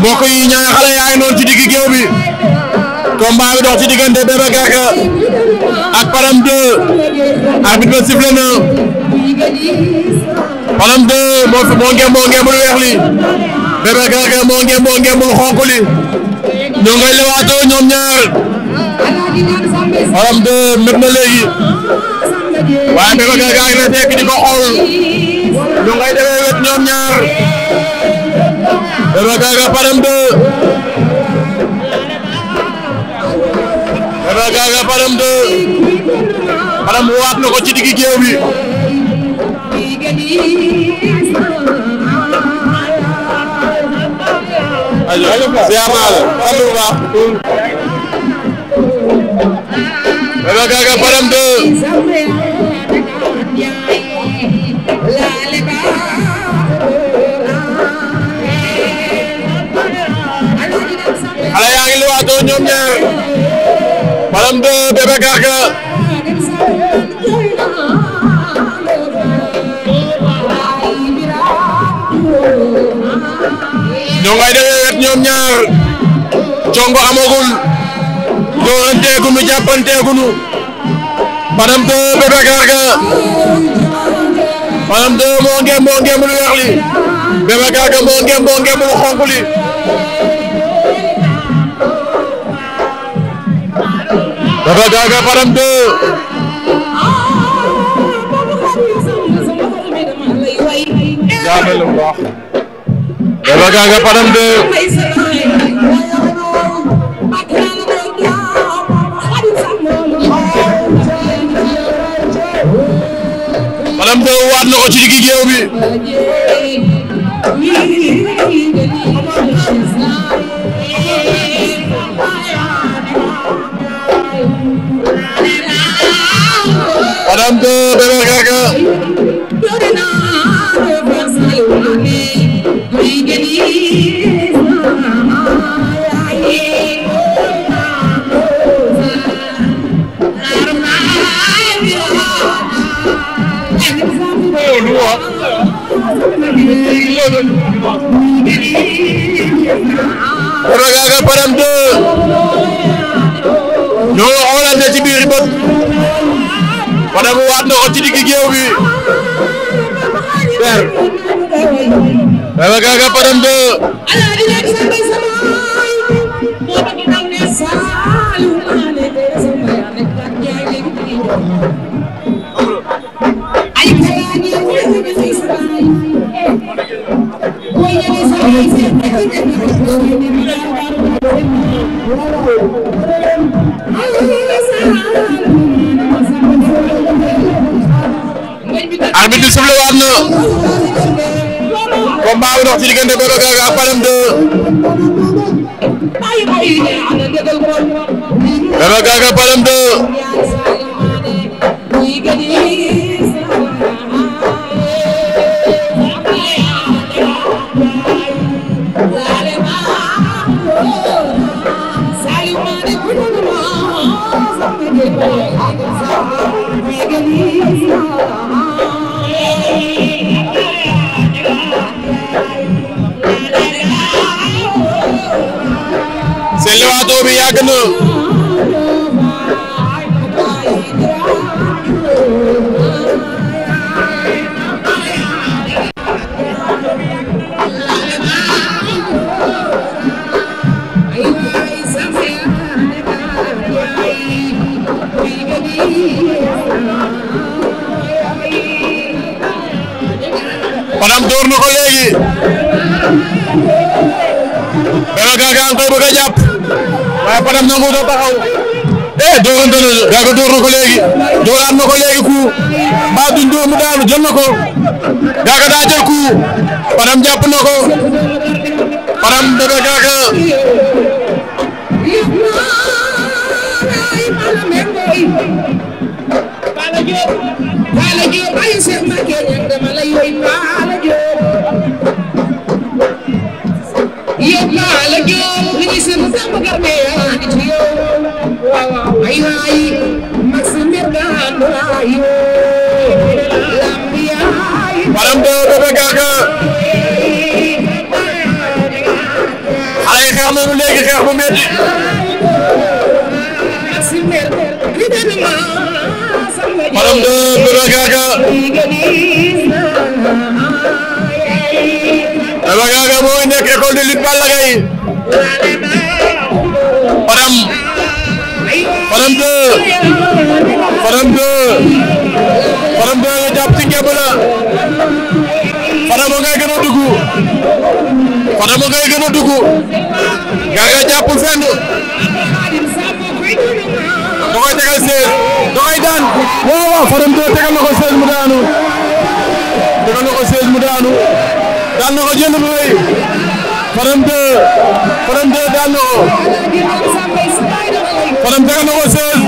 mbokk yi ñaari yaay noonu ci digg géew bi combat bi dox ci diggante Bébé Garga ak Palam 2 arbitre bi sifflé na Palam 2 moo fi moo ngeen moo ngeen bul weex li Bébé Garga moo ngeen ñoo ngay lewaatoo ñoom ñaar Palam 2 méb na léegi waaye Bébé Garga gaa ngi lay fekk di ko xool ñu ngay demee wet ñoom ñaar Bébé Garga param de Bébé Garga param de param waat na ci diggi géew bi siyaar naa la sant bu baax param de ñoom ñaar Palam 2 Bébé Garga ñoo ngay demee wet ñoom ñaar congo amagul dooranteegunu jàppanteegunu Palam 2 Bébé Garga Palam 2 moo ngeem moo ngeem lu weex li Bébé Garga moo ngeem moo ngeem lu xonk li Dafa Gaga Fadam 2 bébé garga bébé garga param deux Fadam waat na ko ci digg géew bi per Bébé Garga Fadam 2 Thank you. arbitre bi sifflé waat na combat bi dox ci diggante Bébé Garga ak Fadam 2 seen lewaatoo bi yàgg na Fadam door na ko léegi Bébé Garga nga koy jàpp waaye nangu ko taxaw eh door na ko léegi dooraat na ko léegi ku mbaa duñ door mu daanu jël na ko Garga daa ku Fadam jàpp na ko Fadam Bébé Garga Param ah, do Bébé Garga xale yi xeex nañu léegi xeex bu métti Param do Fadam Fadam 2 Fadam 2 Fadam 2 nga jàpp ci ngemb la Fadam ngay gën a dugg Fadam ngay gën a dugg gaa nga jàpp fenn da koy tegal sees da daan na ko sees mu Fadam 2 Fadam 2 daan na ko Fadam tegal na ko 16